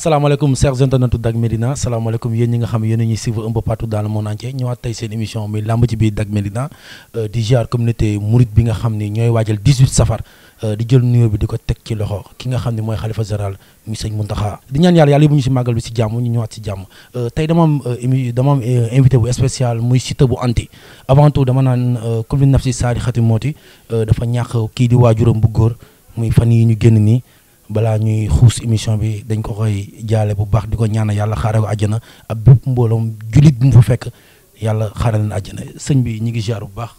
salaamaaleykum chers internautes Dak Médina salaamaaleykum yéen ñi nga xam yéen a ñuy suivre un peu partout dans le monde entier ñëwaat tey seen émission muy làmb ci biir euh, di ziar communauté mouride bi nga xam ni ñooy waajal 18 safar euh, di jël nuyoo bi di ko teg ci loxo ki nga xam ne mooy xalifa général muy sëñ Muntaxa di ñaan yàlla yàlla yóbbu ñu si màggal bi si jàmm ñu ñëwaat si jàmm euh, tey dama am émi dama am invité bu spécial muy Siteu bu anti avant tout dama naan commune naf si saari xati mooti dafa ñàkk kii di waajuram bu góor muy fan yi ñu génn nii balaa ñuy xuus émission bi dañ ko koy jaale bu baax di ko ñaana yàlla xaare ko àjjana ak bépp mbooloom jullit bu mu fa fekk yàlla xaare leen àjjana sëñ bi ñu ngi ziar bu baax.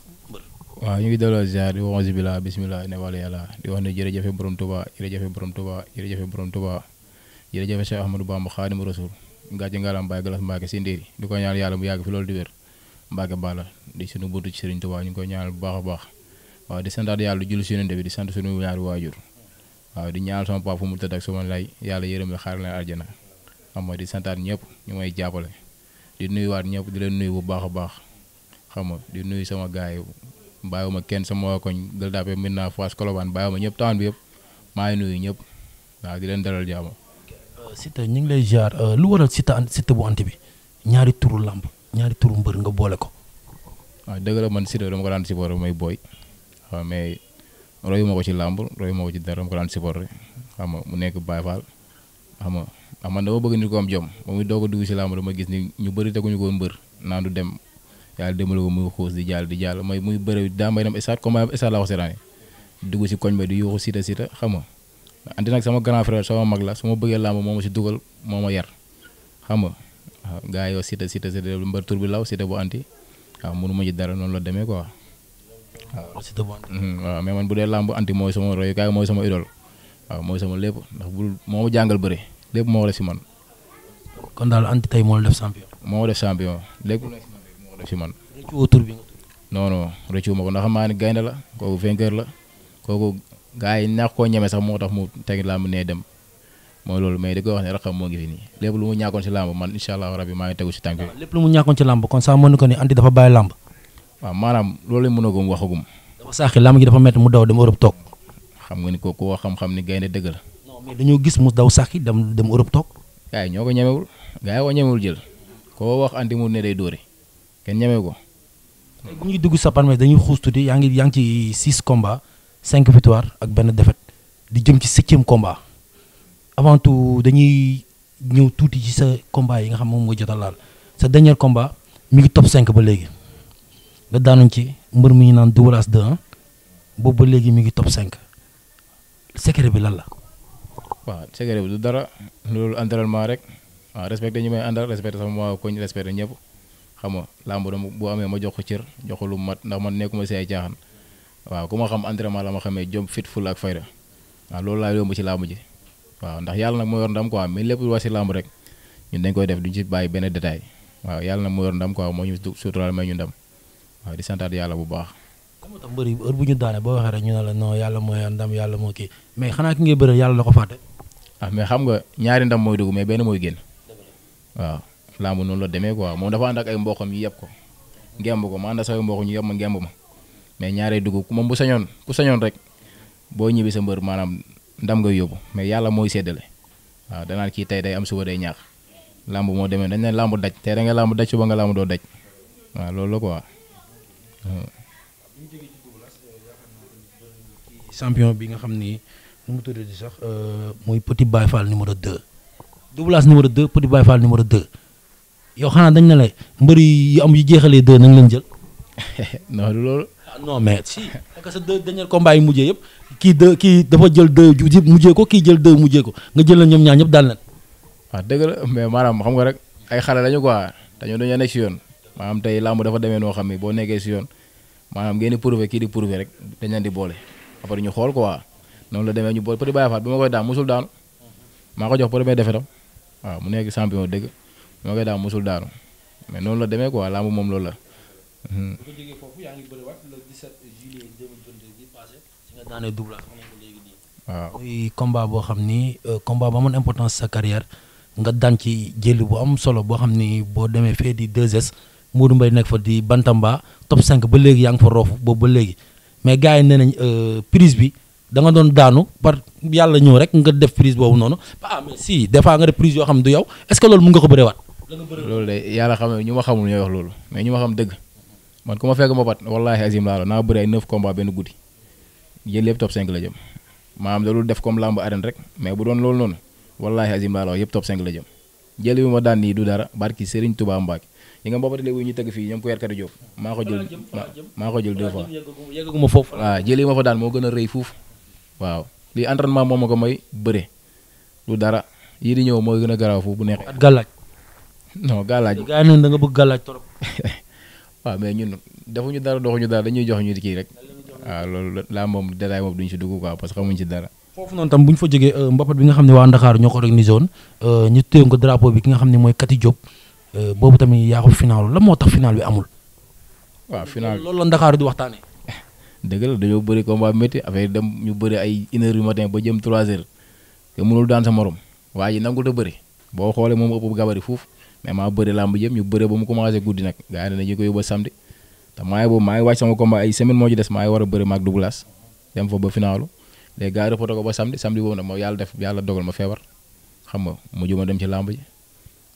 waaw ñu ngi delloo ziar di wax bisimilah bisimilah ne wala yàlla di wax ne jërëjëfe borom Tuubaa jërëjëfe borom Tuubaa jërëjëfe borom Tuubaa jërëjëfe Cheikh Ahmadou Bamba Xaadimu Rasuul ngàcce ngalam Baye Galas Mbacke si ndiir di ko ñaan yàlla mu yàgg fi loolu di wér Mbacke Balla di sunu buntu ci Serigne ñu ngi koy ñaanal bu baax a baax waaw di santaat yàlla di si yonent bi di sant sunu ñaari waajur waaw di ñaanal sama papa fu mu tëdd ak sama lay yàlla yërëm la xaar leen àjjana xam nga di santaat ñëpp ñu may jàppale di nuyuwaat ñëpp di leen nuyu bu baax a baax xam ma di nuyu sama gaay yi ma kenn sama koñ Gueule Tapée Médina Fass Colobane bàyyiwuma ñëpp taan bi yëpp maa ngi nuyu ñëpp waaw di leen dalal jàmm. Euh, Siteu ñu ngi lay ziar euh, lu waral Siteu Siteu bu anti bi ñaari turu làmb ñaari turu mbër nga boole ko. waaw dëgg man Siteu dama ko daan si borom may booy royu ma ko ci làmb royu ma ko ci dara mu ko daan supporté xam nga mu nekk Baye Fall xam nga ah man dama bëgg nit koom jom ba muy doog a dugg si làmb dama gis ni ñu bëri teguñu ko mbër naan du dem yàlla demale ko di jàll di jàll mooy muy bëri daa may dem stade comme maanaam stade laa ko seetaane dugg si koñ ba di yuuxu sita sita xam nga andi nag sama grand frère sama mag la su ma bëggee làmb moom si dugal moo ma yar xam nga waaw gars yi yow sita sita sita mbër tur bi law sita bu anti waaw mënu ma ci dara noonu demee quoi. waaw Siteu bu mhm, man bu dee làmb anti mooy sama royukaay mooy sama idol waaw mooy sama lépp ndax bul moo ma jàngal bëri lépp moo def si man. kon daal anti tey moo def champion. moo def champion lépp man. rëccu tur bi nga non non rëccu ma ko ndax maa ni gaynde la kooku vainqueur la kooku gars yi ñàkk koo ñeme sax moo tax mu tegi làmb nee dem mooy loolu mais di ko wax ne raxam moo ngi fi nii lépp lu mu ñàkkoon si làmb man incha allah rabi maa ngi tegu si tànk lépp lu mu ñàkkoon si làmb kon sax mën na ko ni anti dafa bàyyi làmb. waaw maanaam loolu lañ mën a gëm waxagum. dafa saaxi lamb ji dafa métti mu daw dem Europe toog. xam nga ni ko ko xam-xam ni gaynde dëgg la. non dañoo gis mu daw saaxi dem dem Europe toog. gars ñoo ko ñemewul gars ko ñemewul jël koo wax anti mu ne day dóore kenn ñemewu ko. tey bu ñuy dugg sa palmarès dañuy xuus tuuti yaa ngi yaa ngi ci 6 combats 5 victoires ak benn defet di jëm ci septième combat avant tout dañuy ñëw tuuti ci sa combat yi nga xam moom mooy jot a laal sa dernier combat mi ngi top 5 ba léegi. nga daanuñ ci mbër mi ñu naan Double Less 2 boobu ba léegi mi ngi top cinq secret bi lan la. waaw secret bi du dara loolu entraînement rek waaw respecté ñu may àndal respecté sama waa koñ respecté ñëpp xam nga làmb dama bu amee ma jox ko cër jox lu mat ndax ma nekkuma si ay caaxaan waa ku ma xam entraînement la ma xamee jom fit ful ak fayda waaw loolu laa yomb ci làmb ji waaw ndax yàlla nag moo yor ndam quoi mais lépp lu wax si làmb rek ñun dañ koy def duñ ci bàyyi benn détail waaw yàlla nag moo yor ndam quoi moo ñu suturaal may ñu ndam. waaw di santaat yàlla bu baax. xam nga mbër yi heure bu ñu daane boo waxee rek ñu ne la non yàlla mooy ndam yàlla moo kii mais xanaa ki ngay bëre yàlla la ah, mais xam nga ñaari ndam mooy dugg mais benn mooy génn. waaw làmb noonu la demee quoi moom dafa ànd ak ay mboqam yi yëpp ko. ngemb ko ma ànd ak say mboq ñu yëpp ma ngemb ma mais ñaaree dugg moom bu sañoon ku sañoon rek boo ñibbi sa mbër maanaam ndam ngay yóbbu mais yàlla mooy séddale waaw danaan kii tey day am suba dee ñaax làmb moo demee dañ ne làmb daj te da nga làmb daj suba nga làmb doo daj waaw loolu champion bi nga xam ni nu mu tuddati sax euh, muy Petit Baye Fall numéro 2. Double Less numéro 2 Petit Baye Fall numéro 2 yow xanaa dañ ne lay mbër yi am yu jeexalee 2 nañ leen jël. non du loolu. Ah, non mais si parce que sa deux dernier combat yi mujjee yëpp kii deux kii dafa jël deux ju mujjee ko kii jël deux mujjee ko nga jël la ñoom ñaar ñëpp daal leen. waaw dëgg la mais maanaam xam nga rek ay xale lañu quoi dañoo dañoo nekk si yoon. maanaam tey làmb dafa demee noo xam ne boo nekkee si yoon maanaam ngeen di prouver kii di prouver rek dañ leen di boole après ñu xool quoi noonu la demee ñu boole Petit Baye Fall bi ma koy daan musul daanu maa ko jox mu nekk champion dëgg bi ma koy daan mais noonu la demee quoi moom loolu la. Mhm. bu ko jógee foofu boo xam ni euh, combat ba amoon importance sa carrière nga daan ci jëli bu am solo boo xam ni boo demee fee di 2 Modou Mbaye nekk fa di Bantamba top 5 ba léegi yaa ngi fa roofu boobu ba léegi mais gars yi nee nañ euh, prise bi da nga doon daanu par yàlla ñëw rek nga def prise boobu noonu ah mais si des nga def prise yoo xam ne du yow est ce que nga ko bëreewaat. loolu de yàlla xam ne ñu ma xamul ñooy wax loolu dëgg man fekk ma bat wallaahi azim laa la naa bëri ay 9 combats la jëm maanaam loolu def comme lamb arène rek mais bu doon loolu noonu wallaahi azim laa yëpp top 5 la jëm jël bi ma daan nii du dara barki Serigne Touba Mbacke yi nga mbooba léegi ñu tëgg fii ñoom ku yarkati Diop maa ko jël maa ko jël deux fois yegguma foofu jël yi fa daan moo gën a rëy fuuf waaw lii entraînement moom ma ko may bëre lu dara yii di ñëw mooy gën a garaaw foofu bu neexee ak gàllaaj non gàllaaj gaa yi da nga bëgg gàllaaj trop waaw mais ñun defuñu dara doxuñu dara dañuy jox ñu kii rek waaw loolu laa moom détail moom duñ si dugg quoi parce que xamuñ si dara foofu noonu tam bu fa jógee euh, mbapat bi nga xam ne waa Ndakaaru ñoo ko organisé woon euh, ñu téyoon ko drapeau bi ki nga xam ne mooy Kati Diop Euh, boobu tamit yaa ko final la moo tax final bi amul. waa final loolu la Ndakaaru du waxtaanee. dëgg dañoo bëri combat métti affaire dem ñu bëri ay une heure du matin ba jëm trois heures te mënul daan sa morom waa ji nangu te bëri boo xoolee moom ëpp gabari foofu mais maa bëri làmb jëm ñu bëri ba mu commencé guddi nag gars yi dañu ko yóbbu samedi te maa ngi boobu maa ngi wàcc sama combat ay semaine moo ci des maa ngi war a bëri maag Douglas dem fa ba finalu ko ba samedi samedi boobu nag ma yàlla def yàlla dogal ma feebar xam nga mujj ma dem ci làmb ji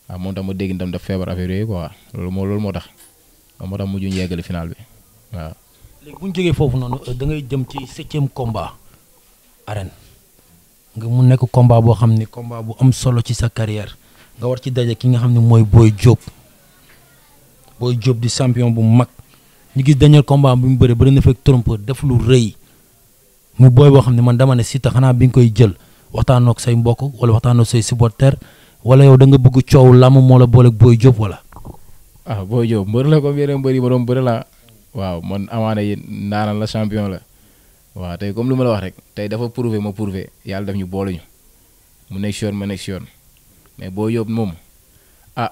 waaw moom tam ma dégg tam daf feebar affaire yooyu quoi loolu moo loolu moo tax moo tax mujj ñu yeggali finaal bi waaw. léegi bu noonu euh, da ngay jëm ci septième combat arène nga mu nekk combat boo xam ne combat bu am solo ci sa carrière nga war ci daje ki nga xam ne mooy booy jóob Boy Diop di champion bu mag ñu gis dernier combat bi mu bëri bëri na fekk trompeur def lu rëy mu booy boo xam ne man dama ne Siteu xanaa bi nga koy jël waxtaanoo say mbokk wala waxtaanoo say supporters wala yow da nga bëgg coow làmm moo la boole Boy Diop wala. ah Boy Diop mbër la comme yeneen mbër yi ma doon bëri laa waaw man amaana yi ndaanaan la champion la waaw tey comme lu ma la wax rek tey dafa prouvé ma prouvé yàlla daf ñu boole mu nekk si yoon ma nekk si yoon mais Boy Diop moom ah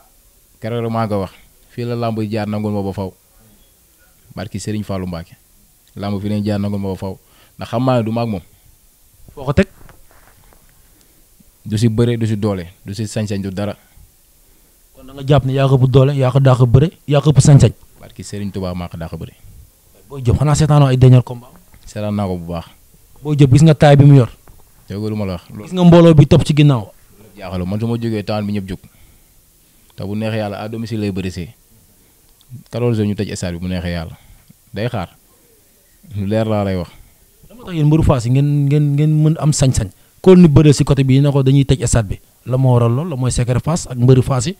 keroog maa ko wax fii la làmb jaar nangul ma ba faw barki Serigne Fallou Mbacke làmb fi leen jaar nangul ma ba faw ndax xam maa ne du maag moom. du si bëre du si doole du si sañ-sañ du dara. kon da nga jàpp ne yaa ko doole yaa ko daa ko bëre yaa ko ëpp sañ-sañ. parce que Serigne Touba maa ko daa ko bëre. booy Diop xanaa seetaanoo ay dernier combat. seetaan naa ko bu baax. booy Diop gis nga taay bi mu yor. déggoo lu ma la wax. gis nga mbooloo bi topp ci ginnaaw. jaaxaloo man su ma jógee taan bi ñëpp jóg te bu neexee yàlla à si lay bëri see 14 heures ñu tëj stade bi bu neexee yàlla day xaar leer laa lay wax. dama tax yéen mbëru Fass yi ngeen ngeen mën am sañ-sañ kon ni bëree si côté bi ne ko dañuy tëj stade bi la moo waral lool la mooy secret Fass ak mbëri Fass yi.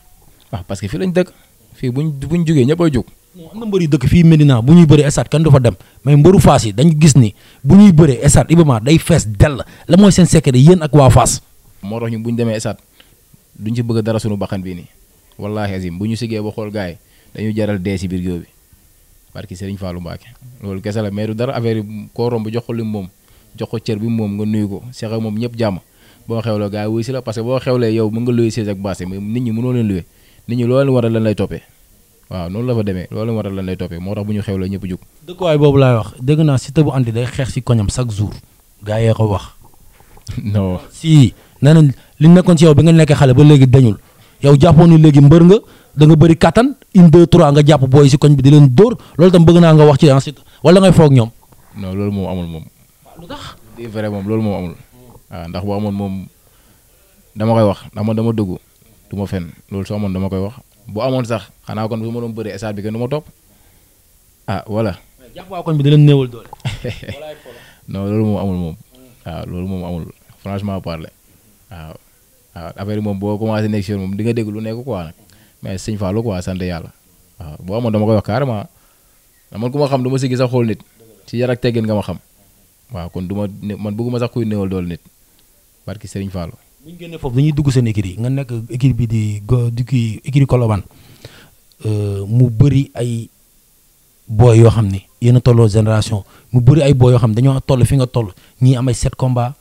waaw parce que fii lañ dëkk fii buñ buñ jugee ñëpp a jug. am na mbëri dëkk fii Medina bu ñuy bëri stade kenn du dem mais mbëru Fass yi dañu gis ni bu ñuy bëree stade Ibama day fees dell la mooy seen secret yéen ak waa Fass. moo tax ñu bu ñu demee stade duñ ci bëgg dara suñu baxan bii nii wallaahi azim bu ñu sigee ba xool gars dañuy jaral dee si biir géew bi barki Serigne Fallou Mbacke loolu kese la mais du dara affaire yi koo romb jox ko lim jox ko cër bi moom nga nuyu ko seex moom ñëpp jàmm boo xewloo gars yi wuy si la parce que boo xewlee yow mën nga luye siis ak baase mais nit ñi mënoo leen luye nit ñi loolu war a lan lay toppee waaw noonu la fa demee loolu war a lan lay toppee moo tax bu ñu xewlee ñëpp naa Siteu bu andi day xeex si koñam chaque ko wax non si nee nañ li nekkoon si yow bi nga nekkee xale ba léegi dañul yow jàppoon ni léegi mbër nga da nga bëri kattan une deux trois nga jàpp booy si koñ bi di leen dóor loolu tam bëgg naa nga wax ci ensuite wala ngay foog ñoom non loolu moom amul moom lu tax di vrai moom loolu moom amul. waaw ah, ndax bu amoon moom dama koy wax ndax man dama dëggu du ma fen loolu soo amoon dama koy wax bu amoon sax xanaa kon bu ma doon bëree stade bi kenn du ma topp waa ah, koñ bi dina néewal doole. non loolu moom amul moom. Ah, loolu moom amul franchement parler waaw waaw affaire moom boo commencé nekk di nga dégg lu nekk yàlla waaw boo amoon dama koy man ku xam du ma si a xool nit ci yar teggin nga ma xam. waaw kon du ma man bëgguma sax kuy néewal doole nit barki Serigne Fallou. bu ñu génnee foofu dañuy seen écurie nga nekk bi di go di kii écurie Colobane euh, mu bëri ay booy yoo xam ne yéen a tolloo génération mu bëri ay booy yoo xam ne dañoo toll fi nga toll ñii am ay 7 combats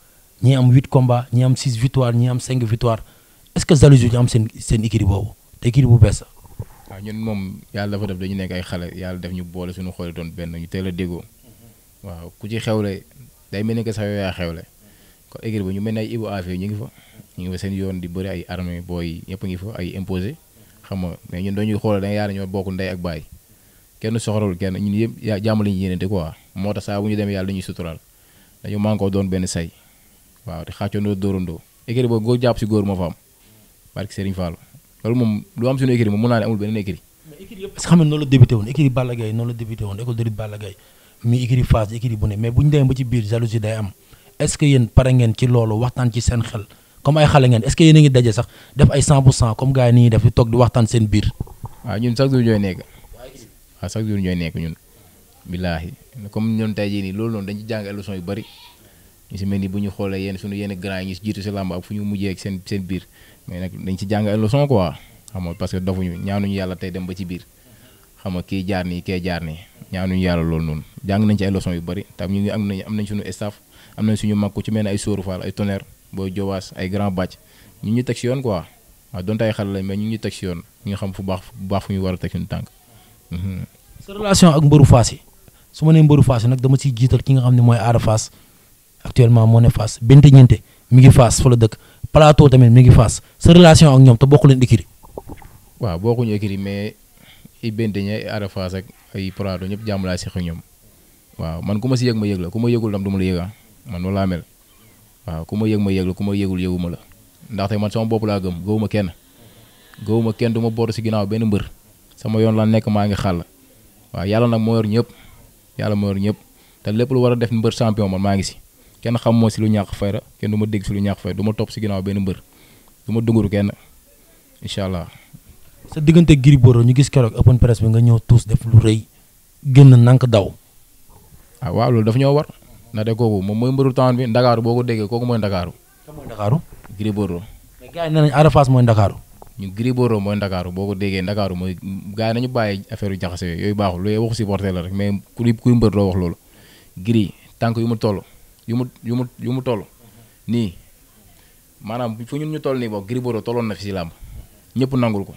ñii am 8 combats ñii am 6 victoire ñii am cinq victoire est-ce que jalousie ñu am seen seen écurie boobu te écurie bu bees waaw ñun moom yàlla dafa def dañu nekk ay xale yàlla def ñu boole suñu xoole doon benn ñu teel a déggoo mm-hmm. waaw ku ci xewle day mel ni que sax yow yaa xewle kon écurie bi ñu mel ne ay Ibou Afia ñu ngi fa ñu ngi fa seen yoon di bëri ay armée booy ñëpp ngi fa ay imposé xam da nga yaar ñoo bokk ndey ak baay kenn soxorul kenn ñun yëpp yaa jàmm lañu yéenante quoi moo tax saa bu ñu demee yàlla ne noonu la débuté woon écurie Balla Gaye noonu la débuté woon école de Balla Gaye mi écurie Fass écurie bu ne mais bu ñu demee ba ci biir jalousie day am est-ce que yéen pare ngeen ci loolu waxtaan ci seen xel comme ay xale ngeen est-ce a ngi daje sax def ay 100 pour cent comme gars yi ni nii loolu noonu dañ ci jàng leçon yu bari ñu si mel ni bu ñu xoolee yenn suñu yenn grand yi ñu si jiitu si làmb ak fu ñu mujjee ak seen seen biir mais nag dañ ci jàng leçon quoi xam nga parce que dofuñu ñaanuñu yàlla tey dem ba ci biir xam nga kii jaar nii kee jaar nii ñaanuñu yàlla loolu noonu jàng nañ ci ay leçons yu bëri tam ñu ngi am nañ am nañ suñu staff am nañ suñu mag ku ci mel ay Sóoru Faal ay Tonnerre booy Jobaas ay Grand Bàcc ñu ñu teg si yoon quoi waaw donte ay xale lañ mais ñu ngi teg si yoon ñu xam fu baax fu baax fu ñu war a teg suñu tànk. Mhm. sa relation ak mbëru yi su ma nee mbëru Fass nag dama ciy jiital ki nga xam ne mooy Ada Fass actuellement moo ne Fass bente ñente mi ngi Fass fa la dëkk plateau tamit mi ngi Fass sa relation ak ñoom te bokku leen écurie waaw bokkuñu écurie mais ay Benteñ ay Arafas ak ay Prado ñëpp jàmm laa seq ñoom waaw man ku ma si yëg ma yëg la ku ma yëgul tam du ma la yëga ah. man noonu laa mel waaw ku ma yëg ma yëg la ku ma yëgul yëguma la ndaxte man sama bopp laa gëm gëwuma kenn gëwuma kenn du ma bootu si ginnaaw benn mbër sama yoon la nekk maa ngi xàll waaw yàlla nag moo yor ñëpp yàlla moo yor ñëpp te lépp lu war a def mbër champion man maa ngi si kenn xam moo si lu ñàkk fay la kenn du ma dégg si lu ñàkk fay du ma topp si ginnaaw benn mbër du ma dunguru kenn incha sa diggante Gris Bordeaux ñu gis keroog open press bi nga ñëw tuus def lu rëy génn nank daw. ah waaw loolu daf ñoo war na de kooku moom mooy mbëru temps bi Ndakaaru boo ko déggee kooku mooy Ndakaaru. kan mooy Ndakaaru. Gris Bordeaux. mais gars mooy Ndakaaru. ñu Gris Bordeaux mooy Ndakaaru boo ko déggee Ndakaaru mooy gars yi nañu bàyyi affaire yu jaxase yooyu baaxul lu si supporter la rek mais ku kuy mbër doo wax loolu. Gris tànk yu mu toll yu mu yu mu yu mu toll nii maanaam fu ñun ñu toll nii bokk Gris Bordeaux tolloon na fi si làmb ñëpp nangul ko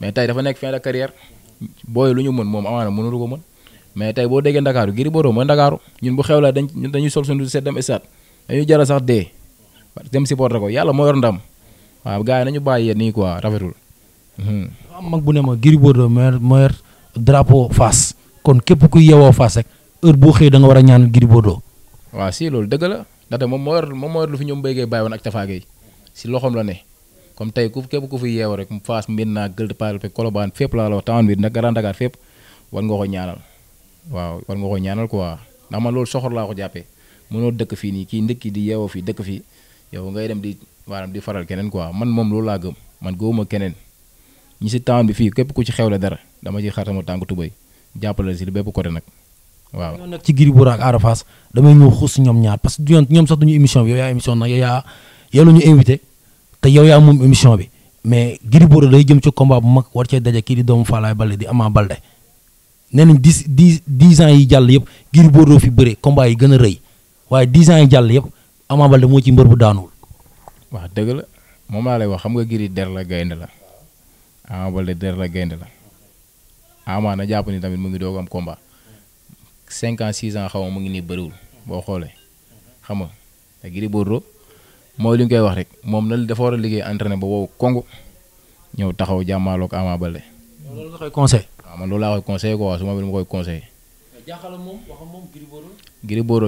mais tey dafa nekk fin de carrière booy lu ñu mën moom amaana mënulu ko mën mais tey boo déggee Ndakaaru Gris Bordeaux mooy Ndakaaru ñun bu xew la dañ dañuy sol suñu set dem stade dañuy jaral sax dee dem supporter ko yàlla moo yor ndam waaw gaa yi nañu bàyyi nii quoi rafetul. Hmm. am mag bu ne ma Gris Bordeaux moo yor drapeau Fass kon képp kuy yeewoo Fass rek heure boo xëyee da war a ñaan Gris Bordeaux. waaw loolu dëgg la ndaxte moom moo yor moom moo yor lu fi ñoom béykee bàyyi woon ak tafaage yi si loxoom ne. comme tey ku képp ku fi yeew rek Fass Mbinna Gueule Tapée Colobane fépp laa la wax taan bi nag Grand Dakar fépp war nga ko ñaanal waaw war nga ko ñaanal quoi ndax man loolu soxor laa ko jàppee mënoo dëkk fii nii kii ndëkki di yeewoo fii dëkk fii yow ngay dem di maanaam di faral keneen quoi man moom loolu laa gëm man gëwuma keneen ñi si taan bi fii képp ku ci xew xewle dara dama ci xar sama tànk tubay jàppale si li bépp côté nag waaw ñoo nekk ci Gris Bordeaux ak Ada Fass damay ñëw xuus te yow yaa moom émission bi mais Gris Bordeaux day jëm ci combat bu mag war cee daje kii di doomu Faalaay Balde di amaa Balde nee nañ dix dix dix ans yi jàll yëpp Gris Bordeaux fi bëre combat yi gën a rëy waaye dix ans yi jàll yëpp Ama Balde moo ci mbër bu daanuwul. waaw dëgg la moom laa lay wax xam nga Gris der la gaynde la Ama Balde der la gaynde la Ama na jàpp ni tamit mu ngi doog am combat cinq ans six ans xaw mu ngi nii bëriwul boo xoolee xam nga te mooy li ñu koy wax rek moom na dafa war a liggéey entraîné ba wow kongu ñëw taxaw jàmmaaloog Ama Baldé. loolu nga koy conseillé. koy conseillé quoi moom waxam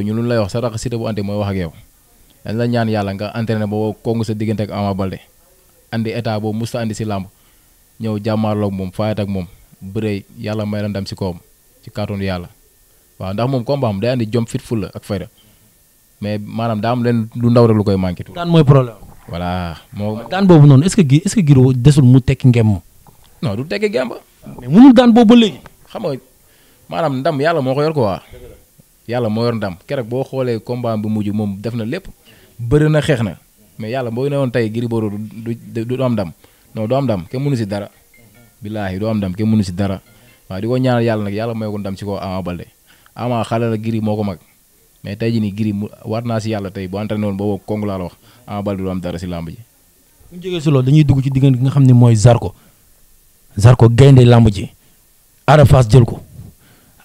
ñu lu lay wax sa rax Siteu bu ante mooy wax ak yow dañ la ñaan yàlla nga entraîné ba wow kongu sa diggante ak Ama Baldé andi état boobu musta andi si làmb ñëw jàmmaaloog moom faayat ak moom bëree yàlla may la ndam si kawam ci kàttanu yàlla waaw ndax moom combat am day andi jom fit fulla ak fayda mais maanaam daa am leen lu ndaw rek lu koy manqué. daan mooy problème voilà moo daan boobu noonu est-ce que gi est-ce que Giro desul mu tekki ngem. non du tekki ngem ba. mais mënul daan boobu léegi. xam nga maanaam ndam yàlla moo ko yor quoi. yàlla moo yor ndam keroog boo xoolee combat bi mujj moom def na lépp bëri na xeex na mais yàlla boo ne woon tey Gris Bordeaux du du du am ndam non du am ndam kenn mënu si dara. billaahi du am ndam kenn mënu si dara waaw di ko ñaanal yàlla nag yàlla may ko ndam si ko Ama Baldé Ama xale la Gris moo ko mag mais tey jii nii Gris mu war naa si yàlla tey bu entraîné woon boobu kongu laa la a Ama Baldé du am dara si làmb ji. bu ñu si loolu dañuy dugg ci diggante bi nga xam ne mooy Zarko Zarko gaynde làmb ji Ada jël ko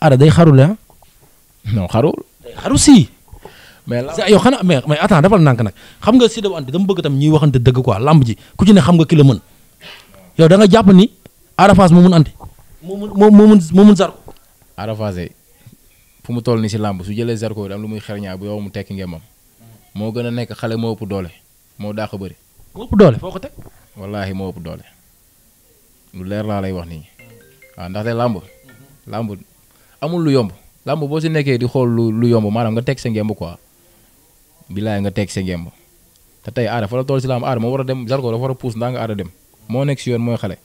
Ada day xarul ah. non xarul. day xaru si. mais la yow xanaa mais mais attends dafal nànk nga si da ante dama bëgg tam ñuy waxante dëgg quoi làmb ji ku ci ne xam nga ki la mën jàpp ni Ada Fass moo mun andi. moo mun moo mun moo mun Zarko. Ada fu mu toll ni si làmb su jëlee Zarko da am lu muy xerñaa bu yow mu tekk ngeen moom moo gën a nekk xale moo ëpp doole moo daax a bari moo ëpp doole foo teg. wallaahi moo doole lu leer laa lay wax nii waaw ndaxte làmb làmb amul lu yomb làmb boo si nekkee di xool lu lu yomb maanaam nga teg sa ngemb quoi bilaay nga teg sa ngemb te tey aada fa la toll si làmb aada moo war a dem Zarko dafa war a puus ndaa nga aada dem moo nekk si yoon mooy xale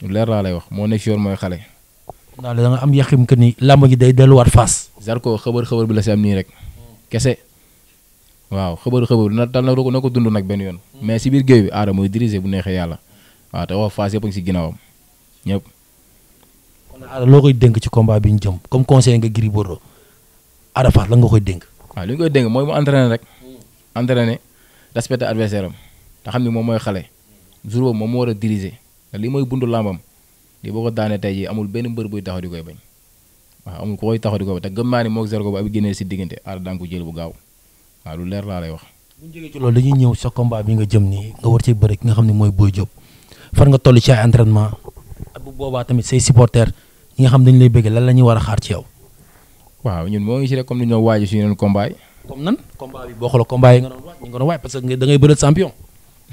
lu leer laa lay wax moo nekk si mooy xale. naa la da nga am yaqim que ni làmb ji day delluwaat Fass. Zarko xëbër xëbër bi la si am nii rek. kese waaw xëbër xëbër na tal na ko na ko dund nag benn yoon. mais si biir géew bi aada mooy diriger bu neexee yàlla waaw te wax Fass yëpp a ngi si ginnaawam ñëpp. kon aada loo koy dénk ci combat bi ñu jëm comme conseil nga Gris Bordeaux la nga koy dénk. waaw li ñu koy dénk mooy mu entraîner rek. entraîner respecter adversaire am te xam ni moom mooy xale. jour boobu moom moo war a diriger te lii mooy làmbam lii boo ko daanee tey jii amul benn mbër buy taxaw di koy bañ waaw amul ku koy taxaw di koy bañ te gëm naa ni moog Zarko bu gaaw waaw lu leer laa lay wax. bu ñu jógee ci sa combat bi nga jëm nii nga war ci bëre ki nga xam ne mooy Boy Diop far nga toll ci ay entraînement ak bu boobaa tamit say supporters ñi nga xam dañu lay bëgg lan la ñuy war a xaar ci yow. waaw ñun moo ngi rek comme ni ñu doon waaj suñu combat yi. nan combat boo xoolee combat yi nga doon waaj parce que da ngay bëre champion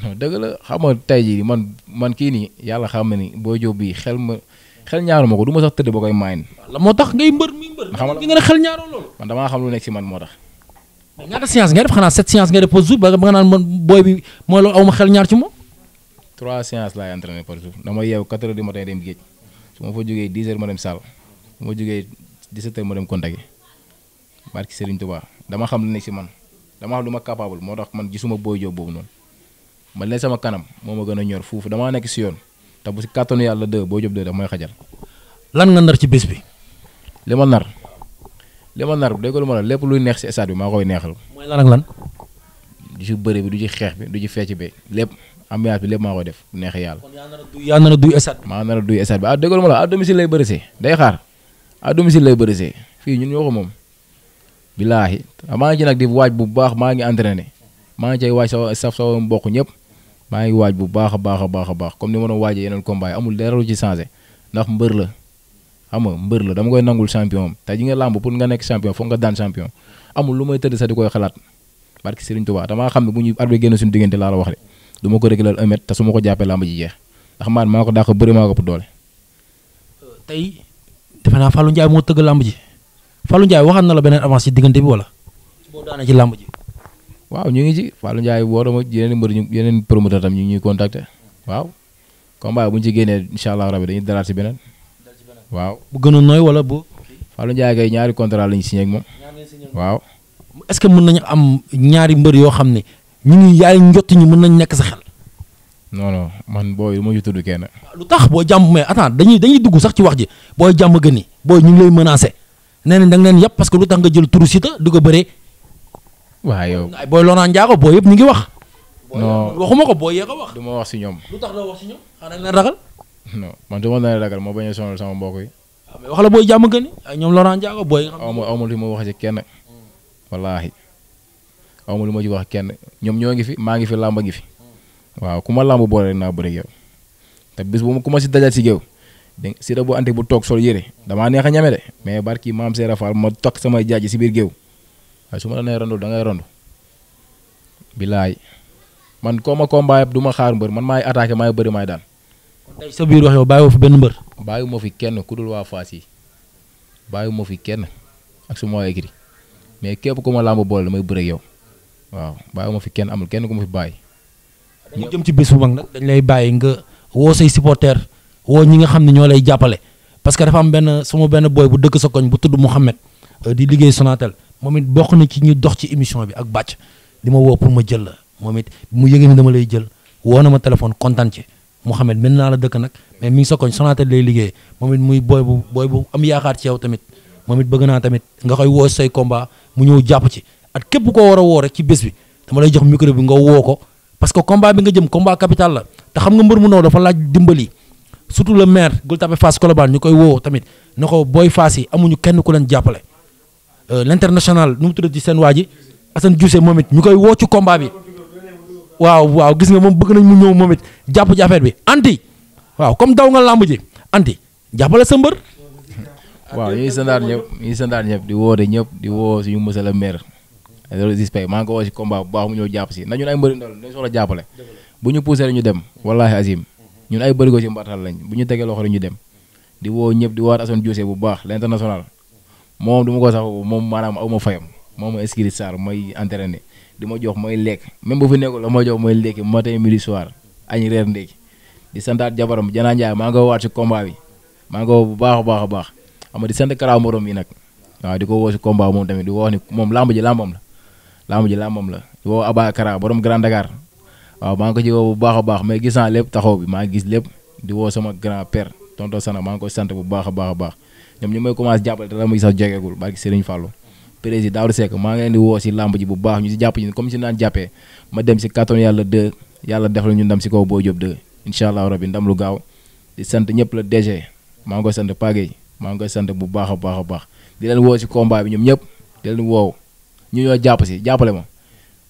dëgg la xam nga tey jii man man kii nii yàlla xam na ni boo jóob bii xel ma xel ñaar ma ko du ma sax tëdd ba koy maayin. la moo tax ngay mbër mi mbër. xam nga xel ñaaroo loolu. damaa xam lu nekk si man moo tax. mais xanaa sept séance ngay def par naan man booy bi mooy xel ñaar ci moom. trois séances laay entraîné par jour dama yeew quatre heures du matin dem géej su ma fa jógee dix heures ma dem ma jógee dix sept heures ma dem contact dama xam lu si man dama xam lu moo tax man gisuma booy jóob boobu noonu man ne sama kanam moo ma gën a ñor foofu damaa nekk si yoon te bu si kàttanu yàlla dë boo jób dë daf may xajal lan nga nar ci bés bi li ma nar li ma nar dégg lu ma la lépp luy neex si stade bi maa koy neexal mooy lan ak lan du ci bëre bi du ci xeex bi du ci fecc bi lépp ambiance bi lépp maa koy def neex yàlla yaa nar a du stade bi maa nar a duy stade bi ah dégg lu ma la à domicile lay bërisee day xaar à domicile lay bërisee fii ñun ñoo ko moom bilaahi maa ngi ci nag di bu baax maa ngi entraîné maa ngi cay waaj sa sa mbokk ñëpp maa ngi waaj bu baax a baax a baax baax comme ni ma doon waajee yeneen combat amul dara lu ci changé ndax mbër la xam nga mbër la dama koy nangul champion te ji nga làmb pour nga nekk champion foog nga daan champion amul lu may tëdd sax di koy xalaat barki Serigne Touba damaa xam ne bu ñu arbitre génn suñu diggante laa la wax de du ma ko réglal un mètre te su ma ko jàppee làmb ji jeex ndax man maa ko daa bëri maa ko ëpp doole. tey defe naa Fallou Ndiaye moo tëgg làmb ji Fallou Ndiaye waxaat na la beneen avance ci diggante bi wala boo daanee waaw ñu ngi ci Fallou Ndiaye woo ma yeneen mbër ñu yeneen promoteur tam ñu ngi ñuy contacter waaw combat bu ñu ci génnee incha allah rabi dañuy dalaat si beneen. waaw bu gën a nooy wala bu. Fallou Ndiaye kay ñaari contrat la si signé ak moom. waaw. est que mën nañ am ñaari mbër yoo xam ne ñu ngi yaay njotti ñu mën nañ nekk sa xel. non non boo booy moo ñu tudd kenn. lu tax boo jàmm mais attends dañuy dañuy dugg sax ci wax ji booy jàmm gën ni booy ñu ngi lay menacé nee da nga leen yàpp parce que nga jël turu Siteu di ko bëree waaw yow booy Loona Ndiago booy yëpp ñu ngi wax. non waxuma ko booy yee ko wax. du ma wax si ñoom. lu tax doo wax si ñoom xanaa leen ragal. non man du ma leen ragal ma bañ a sonal sama mbokk yi. waaw booy jàmm gën ay ñoom Loona Ndiago booy ne. aw ma lu ma wax ci kenn. Hmm. wallaahi aw ma lu ma ci wax kenn ñoom ñoo ngi fi maa ngi fi làmba ngi fi. waaw ku ma làmb boole rek naa bëri yow. te bis bu ma ku ma si dajal si géew dégg nga bu ante bu toog sol yére damaa neex a ñeme de mais barki maam Serap Fall ma takk samay jaaj si biir géew waaye su ma la nee randu da ngay randu bilaay man koo ma combat du ma xaar mbër man maay attaqué maay bëri maay daan. sa biir wax yow bàyyiwoo fi benn mbër. bàyyiwuma fi kenn ku dul waa Fass yi bàyyiwuma fi kenn su ma waa écrit ku ma làmb boole damay bëre ak yow waaw bàyyiwuma fi kenn amul kenn ko ma fi bàyyi. ñu jëm ci bis bu mag nag dañ lay bàyyi nga woo say supporter woo ñi nga xam ne ñoo lay jàppale parce que dafa am benn sama benn boy bu dëkk sa koñ bu tudd Mouhamed euh, di liggéey Sonatel. moom it bokk na ci ñu dox ci émission bi ak bàcc di ma woo pour ma jël la moom it mu yëgee ni dama lay jël woo na ma téléphone kontaan ci Mouhamed mën naa la dëkk nag mais mi sa koñ Sonatel lay liggéey moom it muy booy bu booy bu am yaakaar ci yow tamit moom bëgg naa tamit nga koy woo say combat mu ñëw jàpp ci at képp koo war a woo rek ci bés bi dama lay jox micro bi nga woo ko parce que combat bi nga jëm combat capital la te xam nga mbër mu ndaw dafa laaj dimbali surtout le maire Gueule Tapée Fass Colobane ku leen Euh, l'international nu mu tuddati seen waaj ji Assane Diouf moom it ñu koy woo ci combat bi waaw waaw gis nga moom bëgg nañ mu ñëw moom jàpp ci bi anti waaw comme daw nga làmb ji anti jàppale sa mbër. waaw ñuy sandaar ñëpp ñuy sandaar ñëpp di woote ñëpp di woo suñu monsieur le maire loolu respect maa ngi ko woo jàpp si na ñun ay mbëri ndaw dañ jàppale bu ñu poussé ñu dem wallahi azim ñun ay bëri ko si mbartal lañ bu ñu tegee loxo ñu dem di woo ñëpp di waat Assane Diouf bu baax l'international moom duma ko sax moom maanaam aw ma fayam moom ma inscrit mooy may entraîné di ma jox mooy lekk même bu fi nekkul la ma jox may lekk matin midi soir añ di santaat jabaram Diana Ndiaye maa ngi ko waat si combat bi maa bu baax baax a baax xam nga di sant Kara Morom yi nag waaw di ko woo si combat moom tamit di ko wax moom làmb ji làmbam la làmb ji làmbam la di woo borom Grand Dakar waaw maa ngi ko ci bu baax a baax mais gis naa lépp taxaw bi maa ngi gis lépp di woo sama grand père tonton Sana maa ngi ko sant bu baax a baax a baax ñoom ñu may commencé jàppale te muy sax jegeegul barki Serigne Fallou président Daouda Seck maa ngi leen di woo si làmb ji bu baax ñu jàpp ñu comme si ma dem si kattan yàlla de yàlla def ñu si kaw Boy Diop de incha allah rabi ndam lu gaaw sant ñëpp la DG maa ngi koy sant maa ngi koy sant bu a baax a baax di leen woo si combat bi ñoom ñëpp di leen ñu ñoo jàpp si jàppale ma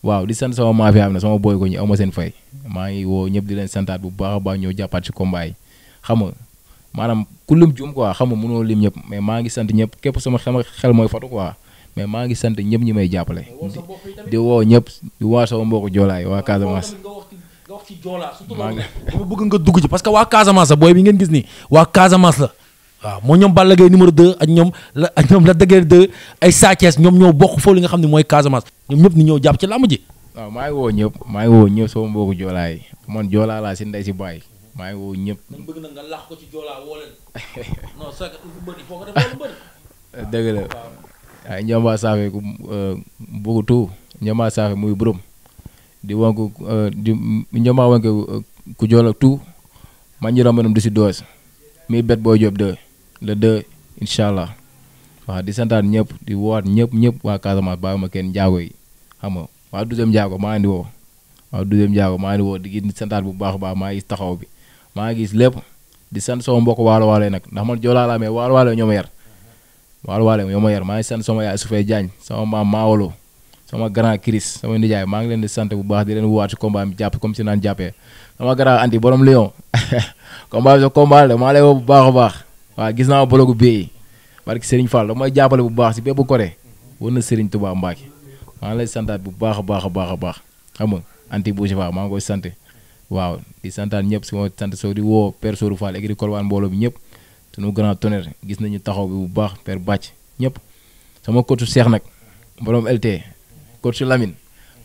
waaw di sant sama mafia am na sama boy ko ñu aw seen fay maa ngi woo ñëpp di leen santaat bu baax a baax ñoo jàppaat si combat xam nga maanaam ku lim jum quoi xam nga mënoo lim ñëpp mais maa ngi sant ñëpp képp sama sama xel mooy fatu quoi mais maa ngi sant ñëpp ñi may jàppale. di woo ñëpp di woo sama mbokku joolaay waa Casamance. maa ngi bëgg nga dugg ci parce que waa Casamance la booy bi ngeen gis nii waa Casamance la. waaw moo ñoom Balla Gaye numéro ak ñoom la ak ñoom la dëgër 2 ay Sa ñoom ñoo bokk foofu li nga xam ne mooy Casamance ñoom ñëpp ni ñëw jàpp ci làmb ji. waaw maa ngi woo ñëpp maa ngi woo ñëpp sama mbokku joolaay man joolaa laa si ndey si bàyyi maa ngi woo ñëpp. nañ bëgg na nga lax ko ci joolaa woo la waaye Ndiamba euh, muy borom di wanku euh, di Ndiamba wanke euh, ku di si doos mi bet di santaan ñëpp di woowaat ñëpp ñëpp waa Casamance bàyyi ma kenn yi xam nga waa deuxième njaago maa ngi di maa ngi di woo di santaan bu baax baax maa ngi taxaw bi. maa ngi gis lépp di sant sama mbokk waalo waalo nag ndax man joolaa laa mais waalo waalo ñoo ma yar waalo waalo ñoo ma yar maa ngi sant sama yaay su fay jaañ sama maam maawolo sama grand Chris sama nijaay maa ngi leen di sant bu baax di leen woowaat si combat jàpp comme si naan jàppee sama grand anti borom la maa lay woo bu baax a baax waaw gis naa ma bologu bii barki Serigne Fall daf may jàppale bu baax si bépp côté war na Serigne Touba Mbacke maa ngi lay santaat bu baax a baax a baax a baax xam nga anti bu si maa ngi koy sant. waaw di santaan ñëpp si ma sant sow di woo père Sourou Fall écrit Colobane mbooloo bi ñëpp sunu grand tonnerre gis nañu taxaw bi bu baax père bàcc ñëpp sama coach Cheikh nag borom LT coach Lamine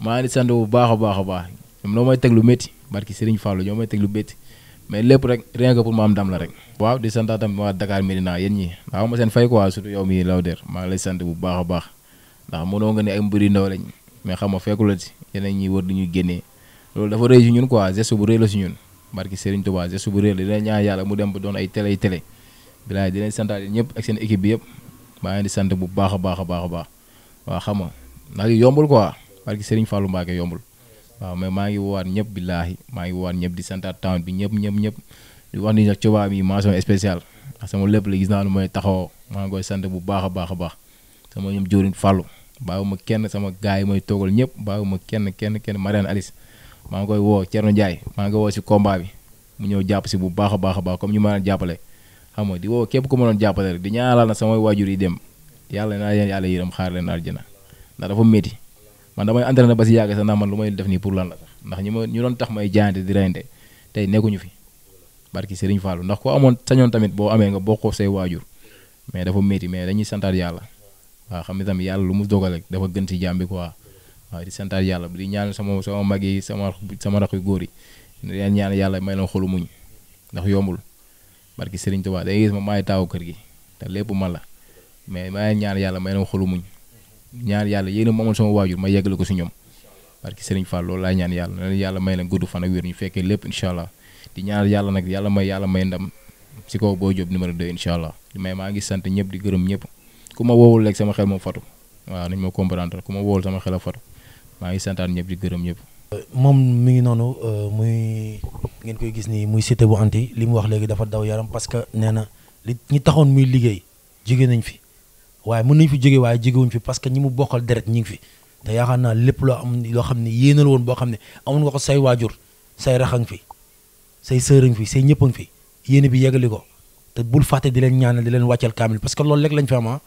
maa ngi sant bu baax a baax a baax ñoom ñoo teg lu métti barki Serigne Fallou ñoo may teg lu métti mais lépp rek rien que pour ma am ndam la rek. waaw di sant tamit waa Dakar Medina yéen ñi waaw ma seen fay quoi surtout yow mii Law Der maa bu baax a baax ndax mënoo nga ne ay mbir yu ndaw lañ mais xam ma fekku la ci yeneen ñi wër du ñuy génnee. loolu dafa rëy si ñun quoi geste bu rëy la si ñun barki Serigne Touba geste bu rëy la dina ñaan yàlla mu dem ba doon ay tele télé bilaay dinañ santaat ñëpp seen équipe bi yëpp maa di sant bu baax a baax a a baax waaw xam nga ndax li yombul quoi barki Serigne Fallou yombul waaw mais maa ngi woowaat ñëpp billaahi maa ngi woowaat ñëpp di santaat town bi ñëpp ñëpp ñëpp di wax ni nag Touba bi mention spéciale sama lépp la gis naa lu mooy taxawoo maa ngi koy sant bu baax a baax a baax sama ñoom jëwriñ Fallou bàyyiwuma kenn sama gaay yi may toogal ñëpp ma kenn kenn kenn Mariane Alice maa ngi koy woo Thierno Ndiaye maa ngi koy woo si combat bi mu ñëw jàpp si bu baax a baax baax comme ñu ma doon jàppale xamoo di woo képp ku ma doon jàppale rek di ñaanal na samay waajur yi dem yàlla naa leen yàlla yërëm xaar leen aljana ndax dafa métti man damay entraîné ba si yàgg sax naa man lu may def nii pour lan la sax ndax ñu ma ñu doon tax may jaayante di reyante tey nekkuñu fi barki Serigne Fallou ndax ko amoon sañoon tamit boo amee nga bokkoo say waajur mais dafa métti mais dañuy santaat yàlla waa xam ne tamit yàlla lu mu dogal rek dafa gën si jàmbi quoi waa di santaat yàlla di ñaan sama sama mag yi sama sama rakk góor yi di ñaan yàlla may la xolu muñ ndax yombul barki Serigne Touba day gis ma maay taawu kër gi te lépp ma la mais maa ñaan yàlla may la xolu muñ ñaan yàlla yéen a ma amoon sama waajur ma yeggale ko si ñoom barki Serigne Fall loolu ñaan yàlla yàlla may la gudd fan ak wér ñu fekkee lépp incha allah di ñaan yàlla nag yàlla may yàlla may ndam si kaw Boy Diop numéro 2 incha allah mais maa ngi sant ñëpp di gërëm ñëpp ku ma woowul rek sama xel moom fatu waaw nañ ma comprendre ku ma woowul sama xel a fatu maa ngi santaan ñëpp di gërëm ñëpp. moom mi ngi noonu euh, muy ngeen koy gis nii muy Siteu bu anti li mu wax léegi dafa daw yaram parce que nee na li ñi taxoon muy liggéey jóge nañ fi waaye mun nañ fi jóge waaye jógewuñ fi parce que ñi mu bokkal deret ñi ngi fi te yaakaar naa lépp loo am loo xam ne yéenal woon boo xam ne amoon nga ko say waajur say rax fi say sër a ngi fi say ñëpp fi yéene bi yeggali ko te bul fàtte di leen ñaanal di leen wàccal kaamil parce que loolu rek lañ fi am ah.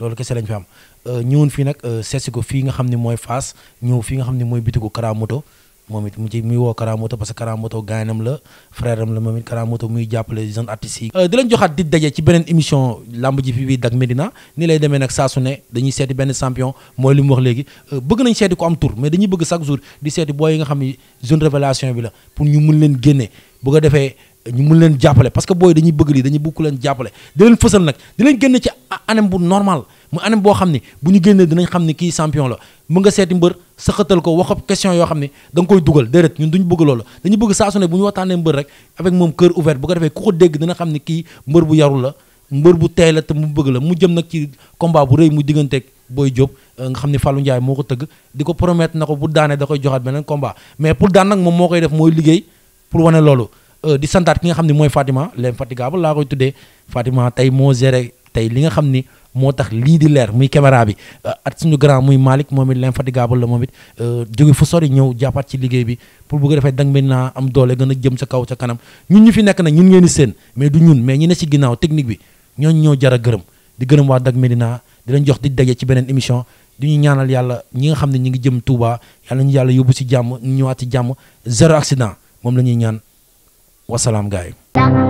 loolu kese lañu fi am euh, ñëwoon fii nag euh, seetsi ko fii nga xam ne mooy Fass ñëw fii nga xam ne mooy bitigu Karamoto moom it mu ci muy woo Karamoto parce que Karamoto gaynam la frère am muy jàppale jeune artistes yi euh, di leen joxaat di daje ci beneen émission lamb ji fi bii Dak Médina nii lay demee nag saa ne dañuy seeti benn champion mooy li mu wax léegi bëgg nañ seeti ko am tour mais dañuy bëgg chaque jour di seeti booy yi nga xam ne jeune révélation bi la pour ñu mun leen génne bu ko defee ñu mun leen jàppale parce que booy dañuy bëgg lii dañuy bëgg ku leen jàppale di leen fësal nag di leen génne ci anam bu normal mu anam boo xam ne bu ñu génnee dinañ xam ne kii champion la mu nga seeti mbër saxatal ko wax ab question yoo xam ne da koy dugal déedéet ñun duñu bëgg loolu dañu bëgg saa su ne bu ñu waxtaanee mbër rek avec moom cœur ouvert bu ko defee ku ko dégg dina xam ne kii mbër bu yarul la mbër bu teey la te mu bëgg la mu jëm nag ci combat bu rëy mu digganteeg Boy Diop euh, nga xam ne Fallou Ndiaye moo ko tëgg di ko promettre na ko bu daanee da koy joxaat beneen combat mais pour daan nag moom moo koy def mooy liggéey pour wane loolu Euh, di santaat ki nga xam ne mooy Fatima l'infatigable laa koy tuddee Fatima tey moo géré tey li nga xam ni moo tax lii di leer muy caméra bi euh, at suñu grand muy Malick moom it l'infatigable la moom it euh, jóge fu sori ñëw jàppaat ci liggéey bi pour bu ko defee dang am doole a jëm sa kaw sa kanam ñu fi nekk nag ñun ngeen di seen mais du ñun mais ñi ne ci ginnaaw technique bi ñoo jar a gërëm di gërëm waa Dak Médina di leen jox di daje ci beneen émission di ñu ñaanal yàlla ñi nga xam ne ñu ngi jëm Touba ñu yàlla yóbbu ci jàmm ñu jàmm zéro accident moom la ñuy ñaan wasalaam gars yi